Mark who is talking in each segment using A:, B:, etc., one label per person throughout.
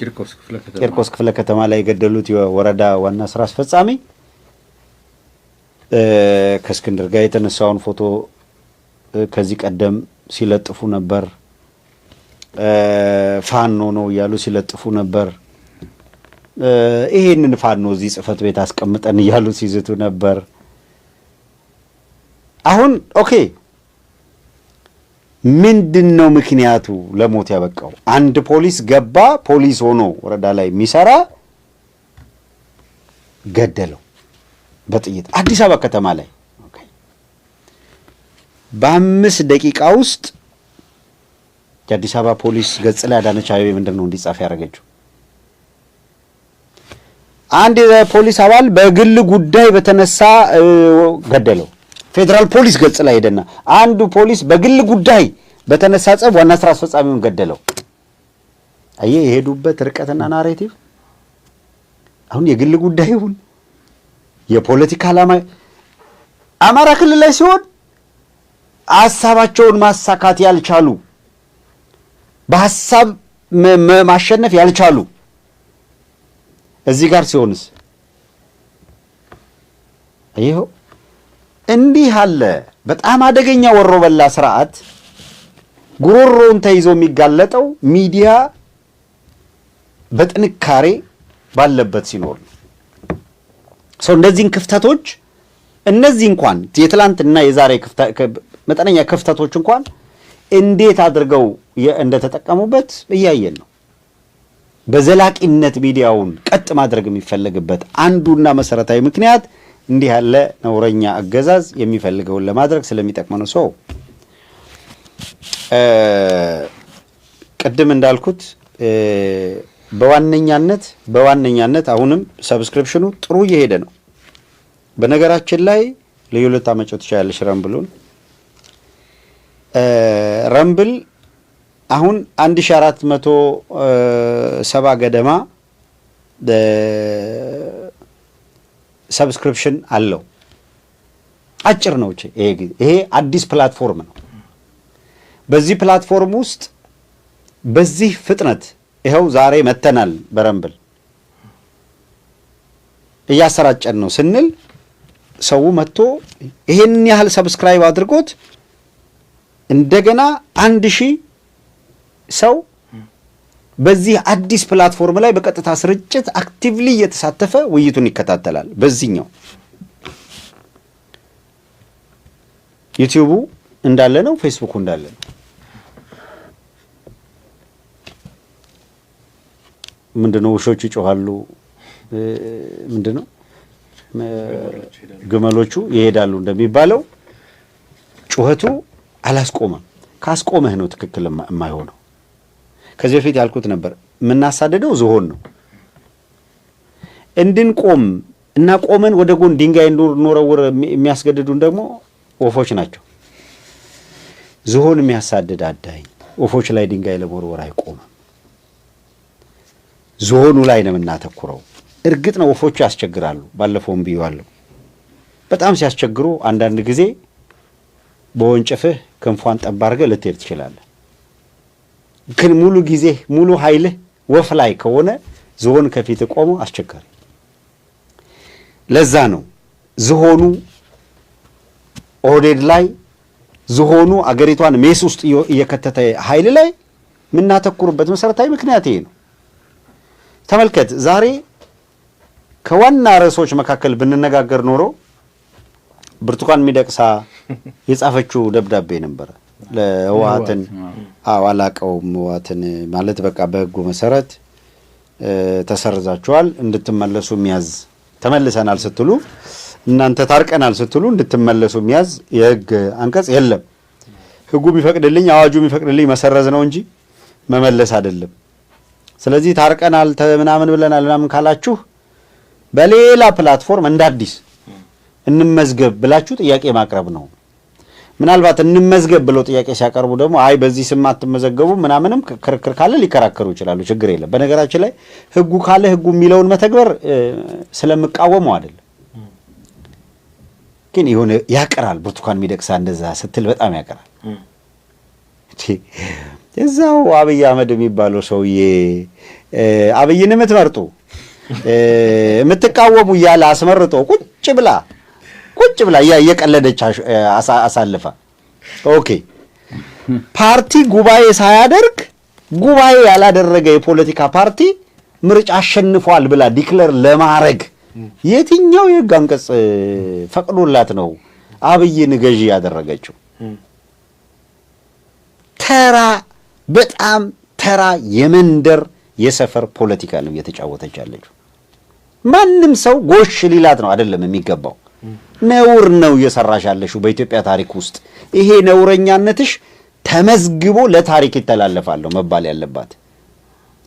A: ቂርቆስ
B: ክፍለ ከተማ ላይ የገደሉት የወረዳ ዋና ስራ አስፈጻሚ ከእስክንድር ጋር የተነሳውን ፎቶ ከዚህ ቀደም ሲለጥፉ ነበር። ፋኖ ነው እያሉ ሲለጥፉ ነበር። ይሄንን ፋኖ እዚህ ጽህፈት ቤት አስቀምጠን እያሉ ሲዝቱ ነበር። አሁን ኦኬ ምንድን ነው ምክንያቱ ለሞት ያበቃው? አንድ ፖሊስ ገባ፣ ፖሊስ ሆኖ ወረዳ ላይ የሚሰራ ገደለው በጥይት አዲስ አበባ ከተማ ላይ በአምስት ደቂቃ ውስጥ የአዲስ አበባ ፖሊስ ገጽ ላይ አዳነች አቤቤ ምንድን ነው እንዲጻፍ ያደረገችው? አንድ የፖሊስ አባል በግል ጉዳይ በተነሳ ገደለው። ፌዴራል ፖሊስ ገጽ ላይ ሄደና አንዱ ፖሊስ በግል ጉዳይ በተነሳ ጸብ ዋና ስራ አስፈጻሚውን ገደለው። አየህ የሄዱበት ርቀትና ናሬቲቭ። አሁን የግል ጉዳይ ይሁን የፖለቲካ ዓላማ አማራ ክልል ላይ ሲሆን ሀሳባቸውን ማሳካት ያልቻሉ በሀሳብ ማሸነፍ ያልቻሉ እዚህ ጋር ሲሆንስ ይኸው እንዲህ አለ በጣም አደገኛ ወሮ በላ ስርዓት ጉሮሮውን ተይዞ የሚጋለጠው ሚዲያ በጥንካሬ ባለበት ሲኖር ነው። ሰው እነዚህን ክፍተቶች እነዚህ እንኳን የትላንትና የዛሬ መጠነኛ ክፍተቶች እንኳን እንዴት አድርገው እንደተጠቀሙበት እያየን ነው። በዘላቂነት ሚዲያውን ቀጥ ማድረግ የሚፈለግበት አንዱና መሰረታዊ ምክንያት እንዲህ ያለ ነውረኛ አገዛዝ የሚፈልገውን ለማድረግ ስለሚጠቅመነው ሰው ቅድም እንዳልኩት በዋነኛነት በዋነኛነት አሁንም ሰብስክሪፕሽኑ ጥሩ እየሄደ ነው። በነገራችን ላይ ለሁለት አመጨው ትችላለች ረምብሉን ረምብል አሁን 1470 ገደማ ሰብስክሪፕሽን አለው። አጭር ነው። ይሄ አዲስ ፕላትፎርም ነው። በዚህ ፕላትፎርም ውስጥ በዚህ ፍጥነት ይኸው ዛሬ መተናል በረምብል እያሰራጨን ነው ስንል ሰው መጥቶ ይሄን ያህል ሰብስክራይብ አድርጎት እንደገና አንድ ሺህ ሰው በዚህ አዲስ ፕላትፎርም ላይ በቀጥታ ስርጭት አክቲቭሊ እየተሳተፈ ውይይቱን ይከታተላል። በዚህኛው ዩቲዩቡ እንዳለ ነው፣ ፌስቡኩ እንዳለ ነው። ነው? ውሾቹ ይጮኋሉ፣ ነው? ግመሎቹ ይሄዳሉ እንደሚባለው ጩኸቱ አላስቆመም። ካስቆመህ ነው ትክክል የማይሆነው። ከዚህ በፊት ያልኩት ነበር። የምናሳድደው ዝሆን ነው። እንድንቆም እና ቆመን ወደ ጎን ድንጋይ እንወረውር የሚያስገድዱን ደግሞ ወፎች ናቸው። ዝሆን የሚያሳድድ አዳኝ ወፎች ላይ ድንጋይ ለመወርወር አይቆምም። ዝሆኑ ላይ ነው የምናተኩረው። እርግጥ ነው ወፎቹ ያስቸግራሉ። ባለፈውም ብዬዋለሁ። በጣም ሲያስቸግሩ አንዳንድ ጊዜ በወንጭፍህ ክንፏን ጠባርገ ልትሄድ ትችላለህ። ግን ሙሉ ጊዜ ሙሉ ኃይልህ ወፍ ላይ ከሆነ ዝሆን ከፊት ቆሞ አስቸጋሪ። ለዛ ነው ዝሆኑ ኦህዴድ ላይ ዝሆኑ አገሪቷን ሜስ ውስጥ እየከተተ ኃይል ላይ የምናተኩርበት መሰረታዊ ምክንያት ይሄ ነው። ተመልከት፣ ዛሬ ከዋና ርዕሶች መካከል ብንነጋገር ኖሮ ብርቱካን ሚደቅሳ የጻፈችው ደብዳቤ ነበረ። ለህወሀትን አዎ አላቀውም። ህወሀትን ማለት በቃ በህጉ መሰረት ተሰርዛችኋል እንድትመለሱ የሚያዝ ተመልሰናል ስትሉ እናንተ ታርቀናል ስትሉ እንድትመለሱ የሚያዝ የህግ አንቀጽ የለም። ህጉ የሚፈቅድልኝ አዋጁ የሚፈቅድልኝ መሰረዝ ነው እንጂ መመለስ አይደለም። ስለዚህ ታርቀናል ምናምን ብለናል ምናምን ካላችሁ በሌላ ፕላትፎርም እንደ አዲስ እንመዝገብ ብላችሁ ጥያቄ ማቅረብ ነው። ምናልባት እንመዝገብ ብለው ጥያቄ ሲያቀርቡ ደግሞ አይ በዚህ ስም አትመዘገቡ ምናምንም ክርክር ካለ ሊከራከሩ ይችላሉ። ችግር የለም። በነገራችን ላይ ህጉ ካለ ህጉ የሚለውን መተግበር ስለምቃወመው አይደለም፣ ግን የሆነ ያቀራል። ብርቱካን ሚደቅሳ እንደዛ ስትል በጣም ያቀራል። እዛው አብይ አህመድ የሚባለው ሰውዬ አብይን የምትመርጡ የምትቃወሙ እያለ አስመርጦ ቁጭ ብላ ቁጭ ብላ እየቀለደች አሳልፋ። ኦኬ ፓርቲ ጉባኤ ሳያደርግ ጉባኤ ያላደረገ የፖለቲካ ፓርቲ ምርጫ አሸንፏል ብላ ዲክለር ለማድረግ የትኛው የህግ አንቀጽ ፈቅዶላት ነው አብይን ገዢ ያደረገችው? ተራ በጣም ተራ የመንደር የሰፈር ፖለቲካ ነው እየተጫወተች ያለችው። ማንም ሰው ጎሽ ሊላት ነው አይደለም የሚገባው ነውር ነው እየሰራሽ ያለሽው በኢትዮጵያ ታሪክ ውስጥ። ይሄ ነውረኛነትሽ ተመዝግቦ ለታሪክ ይተላለፋለሁ መባል ያለባት።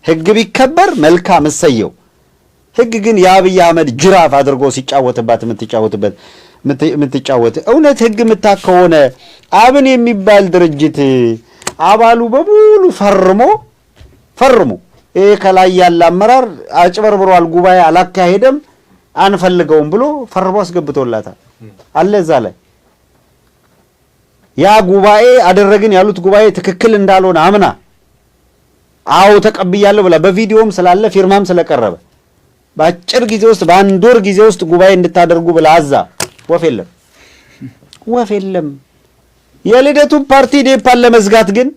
B: ህግ ቢከበር መልካም እሰየው። ህግ ግን የአብይ አህመድ ጅራፍ አድርጎ ሲጫወትባት የምትጫወትበት የምትጫወት እውነት ህግ ምታ ከሆነ አብን የሚባል ድርጅት አባሉ በሙሉ ፈርሞ ፈርሞ ይሄ ከላይ ያለ አመራር አጭበርብሯል፣ ጉባኤ አላካሄደም አንፈልገውም ብሎ ፈርሞ አስገብቶላታል አለ እዛ ላይ ያ ጉባኤ አደረግን ያሉት ጉባኤ ትክክል እንዳልሆነ አምና አዎ ተቀብያለሁ ብላ በቪዲዮም ስላለ ፊርማም ስለቀረበ በአጭር ጊዜ ውስጥ በአንድ ወር ጊዜ ውስጥ ጉባኤ እንድታደርጉ ብላ አዛ ወፍ የለም ወፍ የለም። የልደቱን ፓርቲ ዴፓን ለመዝጋት ግን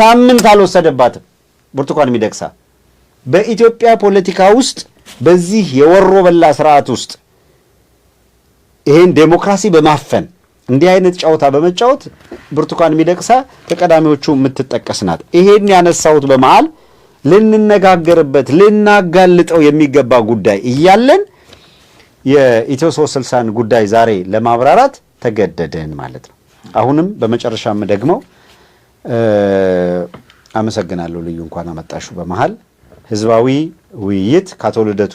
B: ሳምንት አልወሰደባትም ብርቱካን የሚደቅሳ በኢትዮጵያ ፖለቲካ ውስጥ በዚህ የወሮ በላ ስርዓት ውስጥ ይሄን ዴሞክራሲ በማፈን እንዲህ አይነት ጨዋታ በመጫወት ብርቱካን ሚደቅሳ ከቀዳሚዎቹ የምትጠቀስ ናት። ይሄን ያነሳሁት በመሃል ልንነጋገርበት ልናጋልጠው የሚገባ ጉዳይ እያለን የኢትዮ ሶስት ስልሳን ጉዳይ ዛሬ ለማብራራት ተገደድን ማለት ነው። አሁንም በመጨረሻም ደግመው አመሰግናለሁ ልዩ እንኳን አመጣሹ በመሃል ህዝባዊ ውይይት ከአቶ ልደቱ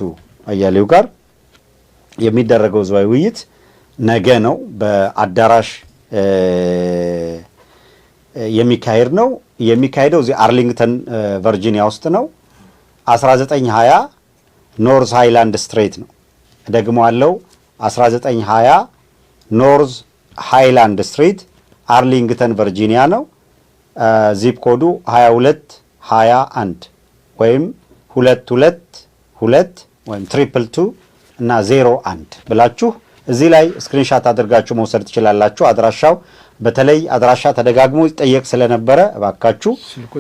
B: አያሌው ጋር የሚደረገው ህዝባዊ ውይይት ነገ ነው፣ በአዳራሽ የሚካሄድ ነው። የሚካሄደው እዚህ አርሊንግተን ቨርጂኒያ ውስጥ ነው። 1920 ኖርዝ ሃይላንድ ስትሬት ነው። ደግሞ አለው 1920 ኖርዝ ሃይላንድ ስትሪት አርሊንግተን ቨርጂኒያ ነው። ዚፕ ኮዱ 21 ወይም ሁለት ሁለት ሁለት ወይም ትሪፕል ቱ እና ዜሮ አንድ ብላችሁ እዚህ ላይ ስክሪንሻት አድርጋችሁ መውሰድ ትችላላችሁ። አድራሻው በተለይ አድራሻ ተደጋግሞ ይጠየቅ ስለነበረ እባካችሁ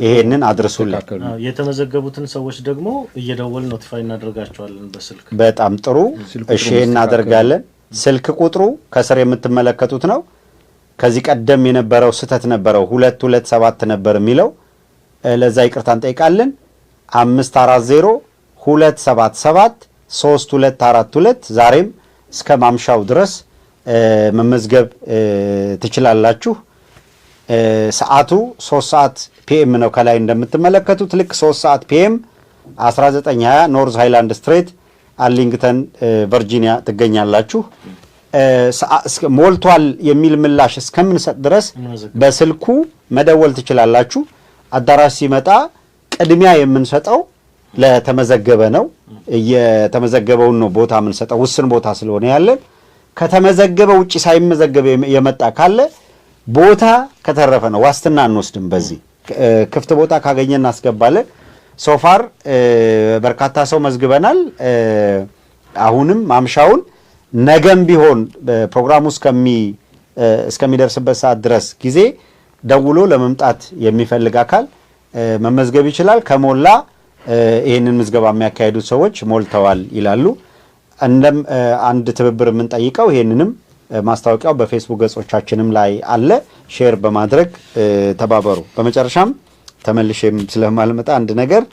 B: ይሄንን አድርሱልን። የተመዘገቡትን ሰዎች ደግሞ እየደወል ኖቲፋይ እናደርጋቸዋለን በስልክ። በጣም ጥሩ እሺ፣ እናደርጋለን። ስልክ ቁጥሩ ከስር የምትመለከቱት ነው። ከዚህ ቀደም የነበረው ስህተት ነበረው፣ ሁለት ሁለት ሰባት ነበር የሚለው። ለዛ ይቅርታ እንጠይቃለን። አምስት ዛሬም እስከ ማምሻው ድረስ መመዝገብ ትችላላችሁ። ሰዓቱ 3 ሰዓት ፒኤም ነው። ከላይ እንደምትመለከቱት ልክ 3 ሰዓት ፒኤም 1920 ኖርዝ ሃይላንድ ስትሬት አርሊንግተን ቨርጂኒያ ትገኛላችሁ። ሞልቷል የሚል ምላሽ እስከምንሰጥ ድረስ በስልኩ መደወል ትችላላችሁ። አዳራሽ ሲመጣ ቅድሚያ የምንሰጠው ለተመዘገበ ነው። የተመዘገበውን ነው ቦታ የምንሰጠው ውስን ቦታ ስለሆነ ያለን። ከተመዘገበ ውጭ ሳይመዘገበ የመጣ ካለ ቦታ ከተረፈ ነው ዋስትና አንወስድም። በዚህ ክፍት ቦታ ካገኘ እናስገባለን። ሶፋር በርካታ ሰው መዝግበናል። አሁንም ማምሻውን ነገም ቢሆን ፕሮግራሙ እስከሚደርስበት ሰዓት ድረስ ጊዜ ደውሎ ለመምጣት የሚፈልግ አካል መመዝገብ ይችላል። ከሞላ ይህንን ምዝገባ የሚያካሄዱት ሰዎች ሞልተዋል ይላሉ። እንደም አንድ ትብብር የምንጠይቀው ይህንንም ማስታወቂያው በፌስቡክ ገጾቻችንም ላይ አለ። ሼር በማድረግ ተባበሩ። በመጨረሻም ተመልሼም ስለማልመጣ አንድ ነገር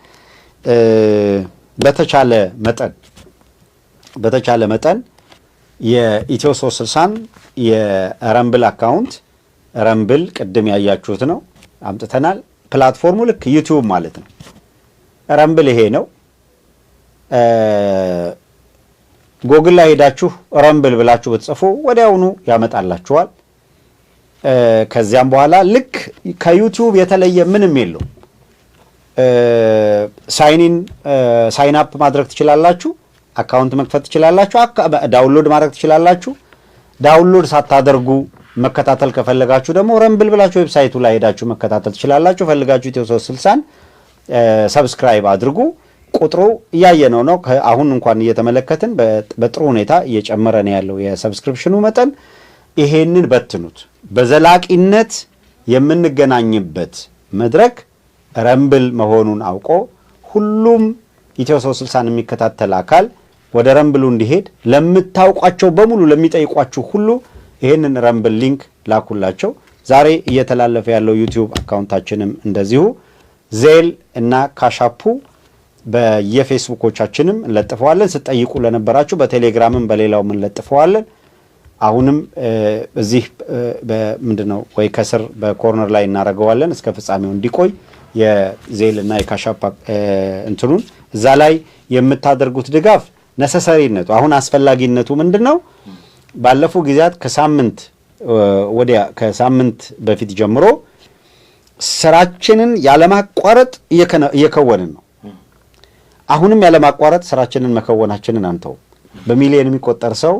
B: በተቻለ መጠን በተቻለ መጠን የኢትዮ 360ን የረምብል አካውንት ረምብል ቅድም ያያችሁት ነው አምጥተናል። ፕላትፎርሙ ልክ ዩቲዩብ ማለት ነው። ረምብል ይሄ ነው። ጎግል ላይ ሄዳችሁ ረምብል ብላችሁ ብትጽፉ ወዲያውኑ ያመጣላችኋል። ከዚያም በኋላ ልክ ከዩቲዩብ የተለየ ምንም የለው ሳይኒን ሳይን አፕ ማድረግ ትችላላችሁ። አካውንት መክፈት ትችላላችሁ። ዳውንሎድ ማድረግ ትችላላችሁ። ዳውንሎድ ሳታደርጉ መከታተል ከፈለጋችሁ ደግሞ ረምብል ብላችሁ ዌብሳይቱ ላይ ሄዳችሁ መከታተል ትችላላችሁ። ፈልጋችሁ ኢትዮ ሶስት ስልሳን ሰብስክራይብ አድርጉ። ቁጥሩ እያየ ነው ነው አሁን እንኳን እየተመለከትን በጥሩ ሁኔታ እየጨመረ ነው ያለው የሰብስክሪፕሽኑ መጠን። ይሄንን በትኑት። በዘላቂነት የምንገናኝበት መድረክ ረምብል መሆኑን አውቆ ሁሉም ኢትዮ ሶስት ስልሳን የሚከታተል አካል ወደ ረምብሉ እንዲሄድ ለምታውቋቸው በሙሉ ለሚጠይቋችሁ ሁሉ ይህንን ረምብል ሊንክ ላኩላቸው። ዛሬ እየተላለፈ ያለው ዩቲዩብ አካውንታችንም እንደዚሁ ዜል እና ካሻፑ በየፌስቡኮቻችንም እንለጥፈዋለን። ስጠይቁ ለነበራችሁ በቴሌግራምም በሌላውም እንለጥፈዋለን። አሁንም እዚህ ምንድን ነው ወይ ከስር በኮርነር ላይ እናደርገዋለን። እስከ ፍጻሜው እንዲቆይ የዜል እና የካሻፓ እንትኑን እዛ ላይ የምታደርጉት ድጋፍ ነሰሰሪነቱ አሁን አስፈላጊነቱ ምንድን ነው? ባለፉ ጊዜያት ከሳምንት ወዲያ ከሳምንት በፊት ጀምሮ ስራችንን ያለማቋረጥ እየከወንን ነው። አሁንም ያለማቋረጥ ስራችንን መከወናችንን አንተው በሚሊዮን የሚቆጠር ሰው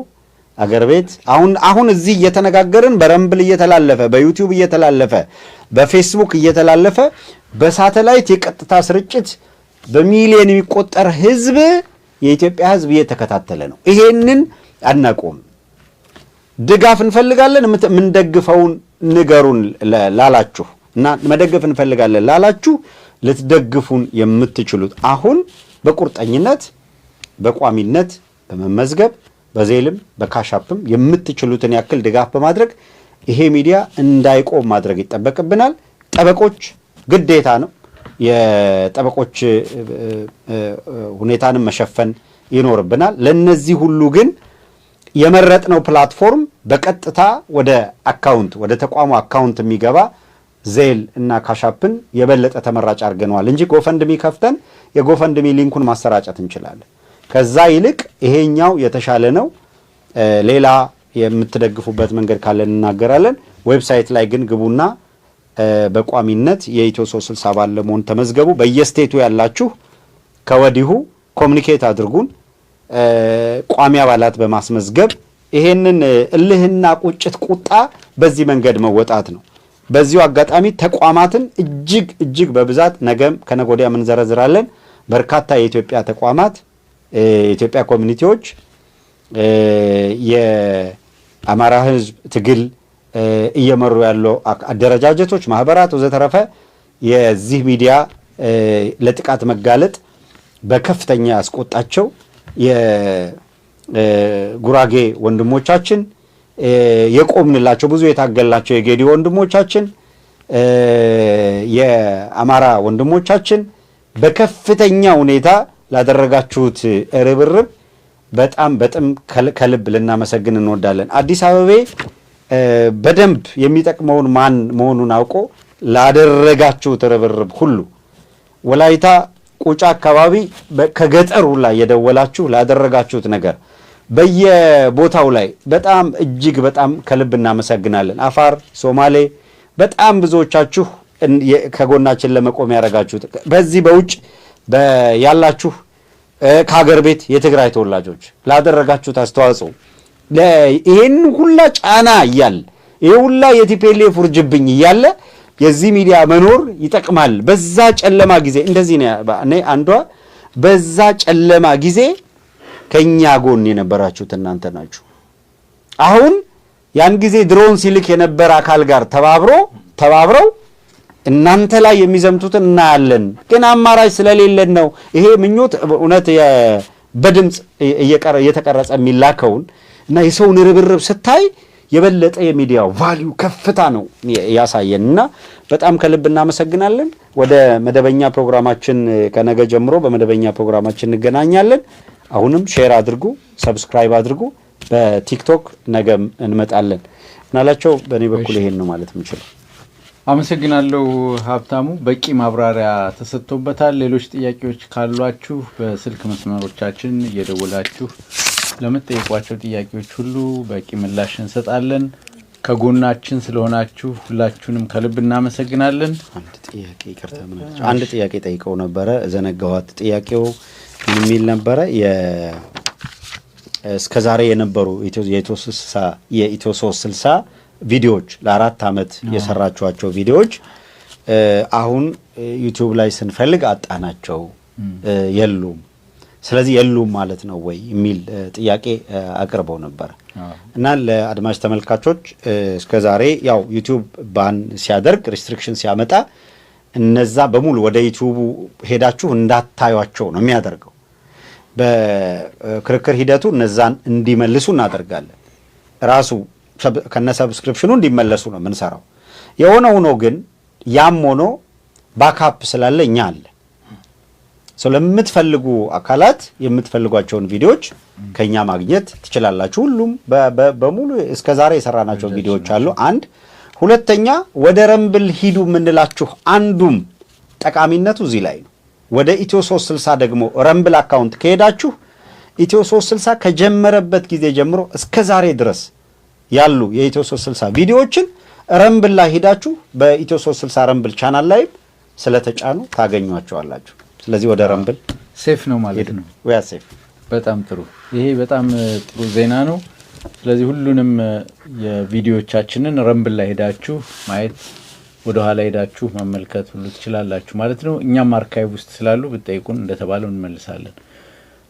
B: አገር ቤት አሁን አሁን እዚህ እየተነጋገርን በረምብል እየተላለፈ በዩቲዩብ እየተላለፈ በፌስቡክ እየተላለፈ በሳተላይት የቀጥታ ስርጭት በሚሊዮን የሚቆጠር ህዝብ የኢትዮጵያ ህዝብ እየተከታተለ ነው። ይሄንን አናቆም። ድጋፍ እንፈልጋለን የምንደግፈውን ንገሩን ላላችሁ እና መደገፍ እንፈልጋለን ላላችሁ ልትደግፉን የምትችሉት አሁን በቁርጠኝነት በቋሚነት በመመዝገብ በዜልም በካሻፕም የምትችሉትን ያክል ድጋፍ በማድረግ ይሄ ሚዲያ እንዳይቆም ማድረግ ይጠበቅብናል። ጠበቆች ግዴታ ነው። የጠበቆች ሁኔታንም መሸፈን ይኖርብናል። ለነዚህ ሁሉ ግን የመረጥነው ፕላትፎርም በቀጥታ ወደ አካውንት ወደ ተቋሙ አካውንት የሚገባ ዜል እና ካሻፕን የበለጠ ተመራጭ አድርገነዋል እንጂ ጎፈንድሚ ከፍተን የጎፈንድሚ ሊንኩን ማሰራጨት እንችላለን። ከዛ ይልቅ ይሄኛው የተሻለ ነው። ሌላ የምትደግፉበት መንገድ ካለን እናገራለን። ዌብሳይት ላይ ግን ግቡና በቋሚነት የኢትዮ 360 ባለ መሆን ተመዝገቡ። በየስቴቱ ያላችሁ ከወዲሁ ኮሚኒኬት አድርጉን። ቋሚ አባላት በማስመዝገብ ይሄንን እልህና ቁጭት፣ ቁጣ በዚህ መንገድ መወጣት ነው። በዚሁ አጋጣሚ ተቋማትን እጅግ እጅግ በብዛት ነገም ከነገ ወዲያ እንዘረዝራለን። በርካታ የኢትዮጵያ ተቋማት የኢትዮጵያ ኮሚኒቲዎች የአማራ ሕዝብ ትግል እየመሩ ያለው አደረጃጀቶች፣ ማህበራት ወዘተረፈ የዚህ ሚዲያ ለጥቃት መጋለጥ በከፍተኛ ያስቆጣቸው የጉራጌ ወንድሞቻችን የቆምንላቸው ብዙ የታገልላቸው የጌዲ ወንድሞቻችን የአማራ ወንድሞቻችን በከፍተኛ ሁኔታ ላደረጋችሁት ርብርብ በጣም በጥም ከልብ ልናመሰግን እንወዳለን። አዲስ አበቤ በደንብ የሚጠቅመውን ማን መሆኑን አውቆ ላደረጋችሁት ርብርብ ሁሉ ወላይታ ቁጫ አካባቢ ከገጠሩ ላይ የደወላችሁ ላደረጋችሁት ነገር በየቦታው ላይ በጣም እጅግ በጣም ከልብ እናመሰግናለን። አፋር፣ ሶማሌ በጣም ብዙዎቻችሁ ከጎናችን ለመቆም ያደረጋችሁት በዚህ በውጭ ያላችሁ ከሀገር ቤት የትግራይ ተወላጆች ላደረጋችሁት አስተዋጽኦ ይህን ሁላ ጫና እያለ ይሄ ሁላ የቲፔሌ ፉርጅብኝ እያለ የዚህ ሚዲያ መኖር ይጠቅማል። በዛ ጨለማ ጊዜ እንደዚህ ነው። አንዷ በዛ ጨለማ ጊዜ ከኛ ጎን የነበራችሁት እናንተ ናችሁ። አሁን ያን ጊዜ ድሮን ሲልክ የነበረ አካል ጋር ተባብሮ ተባብረው እናንተ ላይ የሚዘምቱትን እናያለን። ግን አማራጭ ስለሌለን ነው ይሄ ምኞት እውነት በድምፅ እየተቀረጸ የሚላከውን እና የሰውን ርብርብ ስታይ የበለጠ የሚዲያው ቫሊዩ ከፍታ ነው ያሳየን እና በጣም ከልብ እናመሰግናለን። ወደ መደበኛ ፕሮግራማችን ከነገ ጀምሮ በመደበኛ ፕሮግራማችን እንገናኛለን። አሁንም ሼር አድርጉ፣ ሰብስክራይብ አድርጉ። በቲክቶክ ነገም እንመጣለን እናላቸው። በእኔ በኩል ይሄን ነው ማለት የምችለው። አመሰግናለሁ ሀብታሙ፣ በቂ ማብራሪያ ተሰጥቶበታል። ሌሎች ጥያቄዎች ካሏችሁ በስልክ መስመሮቻችን እየደወላችሁ ለምትጠይቋቸው ጥያቄዎች ሁሉ በቂ ምላሽ እንሰጣለን። ከጎናችን ስለሆናችሁ ሁላችሁንም ከልብ እናመሰግናለን። አንድ ጥያቄ ይቅርታ፣ አንድ ጥያቄ ጠይቀው ነበረ ዘነጋኋት። ጥያቄው የሚል ነበረ እስከዛሬ የነበሩ የኢትዮ ሶስት ስልሳ ቪዲዮዎች ለአራት ዓመት የሰራችኋቸው ቪዲዮዎች አሁን ዩቲዩብ ላይ ስንፈልግ አጣናቸው የሉም ስለዚህ የሉም ማለት ነው ወይ የሚል ጥያቄ አቅርበው ነበር እና ለአድማጭ ተመልካቾች እስከ ዛሬ ያው ዩቲዩብ ባን ሲያደርግ ሪስትሪክሽን ሲያመጣ እነዛ በሙሉ ወደ ዩቲዩቡ ሄዳችሁ እንዳታዩቸው ነው የሚያደርገው። በክርክር ሂደቱ እነዛን እንዲመልሱ እናደርጋለን። ራሱ ከነ ሰብስክሪፕሽኑ እንዲመለሱ ነው የምንሰራው። የሆነ ሆኖ ግን ያም ሆኖ ባካፕ ስላለ እኛ አለ ለምትፈልጉ አካላት የምትፈልጓቸውን ቪዲዮዎች ከኛ ማግኘት ትችላላችሁ። ሁሉም በሙሉ እስከ ዛሬ የሰራናቸው ቪዲዮዎች አሉ። አንድ ሁለተኛ፣ ወደ ረምብል ሂዱ የምንላችሁ አንዱም ጠቃሚነቱ እዚህ ላይ ነው። ወደ ኢትዮ 360 ደግሞ ረምብል አካውንት ከሄዳችሁ ኢትዮ 360 ከጀመረበት ጊዜ ጀምሮ እስከ ዛሬ ድረስ ያሉ የኢትዮ 360 ቪዲዮዎችን ረምብል ላይ ሂዳችሁ በኢትዮ 360 ረምብል ቻናል ላይም ስለተጫኑ ታገኟቸዋላችሁ። ስለዚህ ወደ ረምብል ሴፍ ነው ማለት ነው። ሴፍ። በጣም ጥሩ። ይሄ በጣም ጥሩ ዜና ነው። ስለዚህ ሁሉንም የቪዲዮቻችንን ረምብል ላይ ሄዳችሁ ማየት ወደኋላ ሄዳችሁ መመልከት ሁሉ ትችላላችሁ ማለት ነው። እኛም አርካይቭ ውስጥ ስላሉ ብጠይቁን እንደተባለው እንመልሳለን።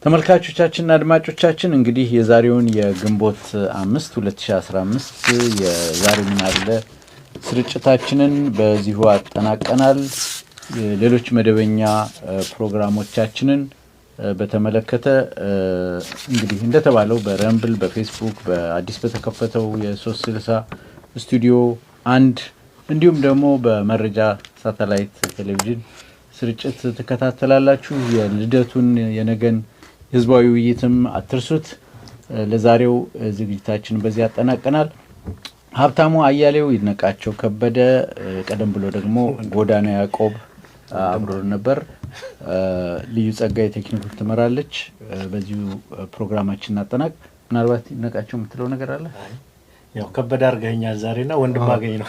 B: ተመልካቾቻችንና አድማጮቻችን እንግዲህ የዛሬውን የግንቦት አምስት 2015 የዛሬ ምናለ ስርጭታችንን በዚሁ አጠናቀናል። ሌሎች መደበኛ ፕሮግራሞቻችንን በተመለከተ እንግዲህ እንደተባለው በረምብል፣ በፌስቡክ፣ በአዲስ በተከፈተው የሶስት ስልሳ ስቱዲዮ አንድ እንዲሁም ደግሞ በመረጃ ሳተላይት ቴሌቪዥን ስርጭት ትከታተላላችሁ። የልደቱን የነገን ህዝባዊ ውይይትም አትርሱት። ለዛሬው ዝግጅታችን በዚህ ያጠናቀናል። ሀብታሙ አያሌው፣ ይነቃቸው ከበደ፣ ቀደም ብሎ ደግሞ ጎዳና ያዕቆብ አብሮን ነበር። ልዩ ጸጋ ቴክኒኩን ትመራለች። በዚሁ ፕሮግራማችን እናጠናቅ። ምናልባት ይነቃቸው የምትለው ነገር አለ? ያው ከበደ አድርገኸኛል ና ወንድም አገኝ ነው።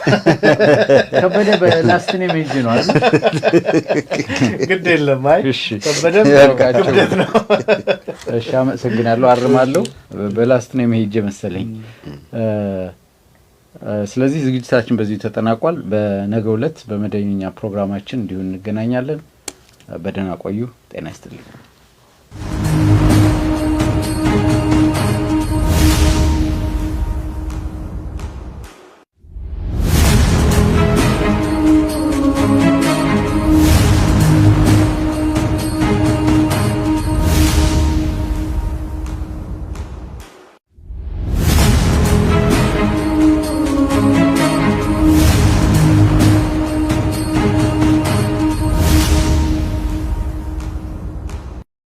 B: ከበደ በላስት ኔም ሜጅ ነው አለ። ግድ የለም። አይ ከበደ ክብደት ነው። እሺ፣ አመሰግናለሁ። አርማለሁ። በላስት ኔም ሄጄ መሰለኝ ስለዚህ ዝግጅታችን በዚሁ ተጠናቋል። በነገ ሁለት በመደበኛ ፕሮግራማችን እንዲሁ እንገናኛለን። በደህና ቆዩ። ጤና ይስጥልኝ።